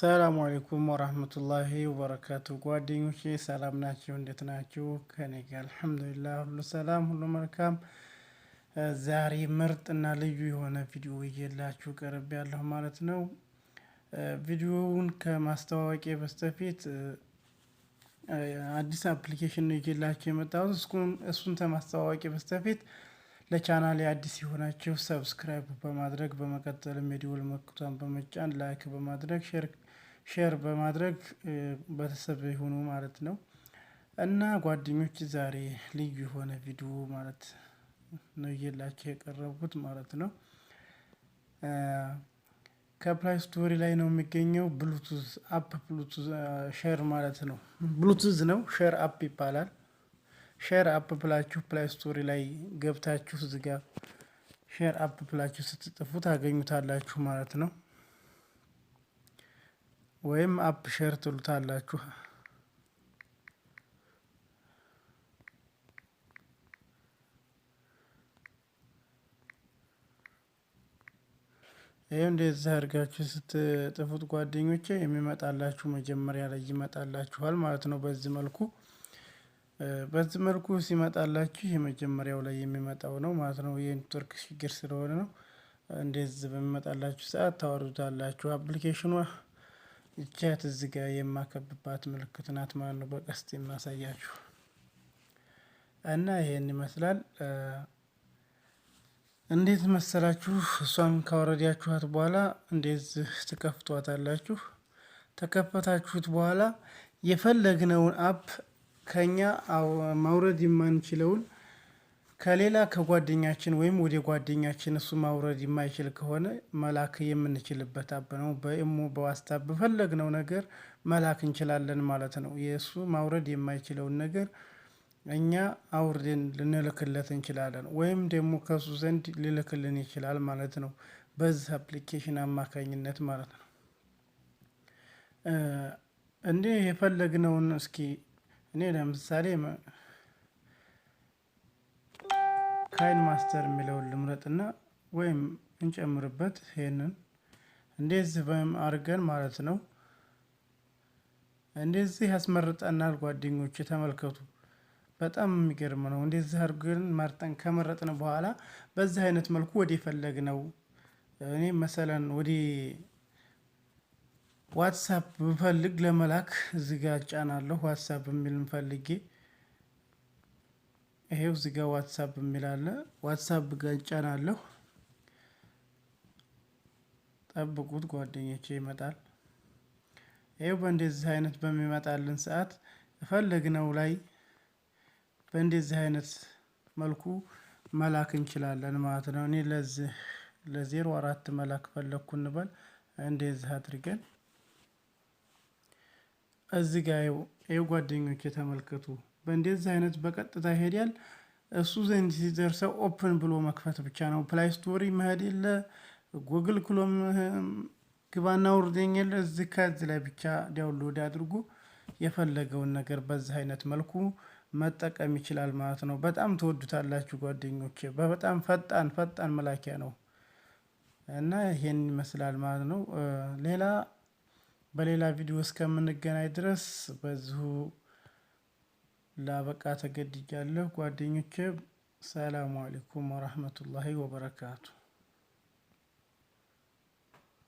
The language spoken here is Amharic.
ሰላሙ አሌይኩም ወራህመቱላሂ ወበረካቱ። ጓደኞቼ ሰላም ናቸው? እንዴት ናችሁ? ከኔ ጋር አልሐምዱሊላህ ሁሉ ሰላም፣ ሁሉ መልካም። ዛሬ ምርጥ እና ልዩ የሆነ ቪዲዮ እየላችሁ ቀርብ ያለሁ ማለት ነው። ቪዲዮውን ከማስተዋወቂያ በስተፊት አዲስ አፕሊኬሽን ነው እየላችሁ የመጣሁት። እሱን ከማስተዋወቂያ በስተፊት ለቻናል አዲስ የሆናችሁ ሰብስክራይብ በማድረግ በመቀጠልም የደወል ምልክቷን በመጫን ላይክ በማድረግ ሼር ሼር በማድረግ ቤተሰብ የሆኑ ማለት ነው። እና ጓደኞች ዛሬ ልዩ የሆነ ቪዲዮ ማለት ነው እየላቸው የቀረቡት ማለት ነው። ከፕላይ ስቶሪ ላይ ነው የሚገኘው። ብሉቱዝ አፕ ብሉቱዝ ሼር ማለት ነው። ብሉቱዝ ነው ሼር አፕ ይባላል። ሼር አፕ ብላችሁ ፕላይ ስቶሪ ላይ ገብታችሁ ዝጋ ሼር አፕ ብላችሁ ስትጽፉ ታገኙታላችሁ ማለት ነው። ወይም አፕ ሼር ትሉታላችሁ። ይህ እንደዚህ አድርጋችሁ ስትጥፉት ጓደኞቼ የሚመጣላችሁ መጀመሪያ ላይ ይመጣላችኋል ማለት ነው። በዚህ መልኩ በዚህ መልኩ ሲመጣላችሁ የመጀመሪያው ላይ የሚመጣው ነው ማለት ነው። የኔትወርክ ችግር ስለሆነ ነው። እንደዚህ በሚመጣላችሁ ሰዓት ታወርዱታላችሁ አፕሊኬሽኗ ይቻት እዚህ ጋር የማከብባት ምልክት ናት ማለት ነው። በቀስት የማሳያችሁ እና ይሄን ይመስላል። እንዴት መሰላችሁ? እሷን ካወረዳችኋት በኋላ እንደዚህ ትከፍቷታላችሁ። ተከፈታችሁት በኋላ የፈለግነውን አፕ ከኛ ማውረድ የማንችለውን ከሌላ ከጓደኛችን ወይም ወደ ጓደኛችን እሱ ማውረድ የማይችል ከሆነ መላክ የምንችልበት አብ ነው። በኢሞ በዋትስአፕ በፈለግነው ነገር መላክ እንችላለን ማለት ነው። የእሱ ማውረድ የማይችለውን ነገር እኛ አውርደን ልንልክለት እንችላለን፣ ወይም ደግሞ ከሱ ዘንድ ሊልክልን ይችላል ማለት ነው። በዚህ አፕሊኬሽን አማካኝነት ማለት ነው። እንዲህ የፈለግነውን እስኪ እኔ ለምሳሌ ካይን ማስተር የሚለውን ልምረጥና ወይም እንጨምርበት። ይሄንን እንደዚህ ወይም አድርገን ማለት ነው። እንደዚህ ያስመርጠናል ጓደኞች፣ ተመልከቱ። በጣም የሚገርም ነው። እንደዚህ አድርገን መርጠን ከመረጥን በኋላ በዚህ አይነት መልኩ ወደ የፈለግ ነው እኔ መሰለን ወደ ዋትሳፕ ብፈልግ ለመላክ እዚህ ጫናለሁ። ዋትሳፕ የሚል ፈልጌ ይሄው እዚህ ጋር ዋትሳፕ የሚላለ ዋትሳፕ ገጫን አለሁ። ጠብቁት ጓደኞቼ ይመጣል። ይሄው በእንደዚህ አይነት በሚመጣልን ሰዓት እፈለግነው ላይ በእንደዚህ አይነት መልኩ መላክ እንችላለን ማለት ነው። እኔ ለዚህ ለዜሮ አራት መላክ ፈለግኩ እንበል እንደዚህ አድርገን እዚህ ጋር ይኸው ጓደኞቼ ተመልከቱ። በእንደዚህ አይነት በቀጥታ ይሄዳል። እሱ ዘንድ ሲደርሰው ኦፕን ብሎ መክፈት ብቻ ነው። ፕላይ ስቶሪ መሄድ የለ ጉግል ክሎም ግባና ውርደኝ የለ። እዚ ከዚ ላይ ብቻ ዳውንሎድ አድርጎ የፈለገውን ነገር በዚህ አይነት መልኩ መጠቀም ይችላል ማለት ነው። በጣም ትወዱታላችሁ ጓደኞች። በጣም ፈጣን ፈጣን መላኪያ ነው እና ይሄን ይመስላል ማለት ነው። ሌላ በሌላ ቪዲዮ እስከምንገናኝ ድረስ በዚሁ ላበቃ ተገድጃለሁ። ጓደኞቼ ሰላሙ አለይኩም ወረህመቱላሂ ወበረካቱ።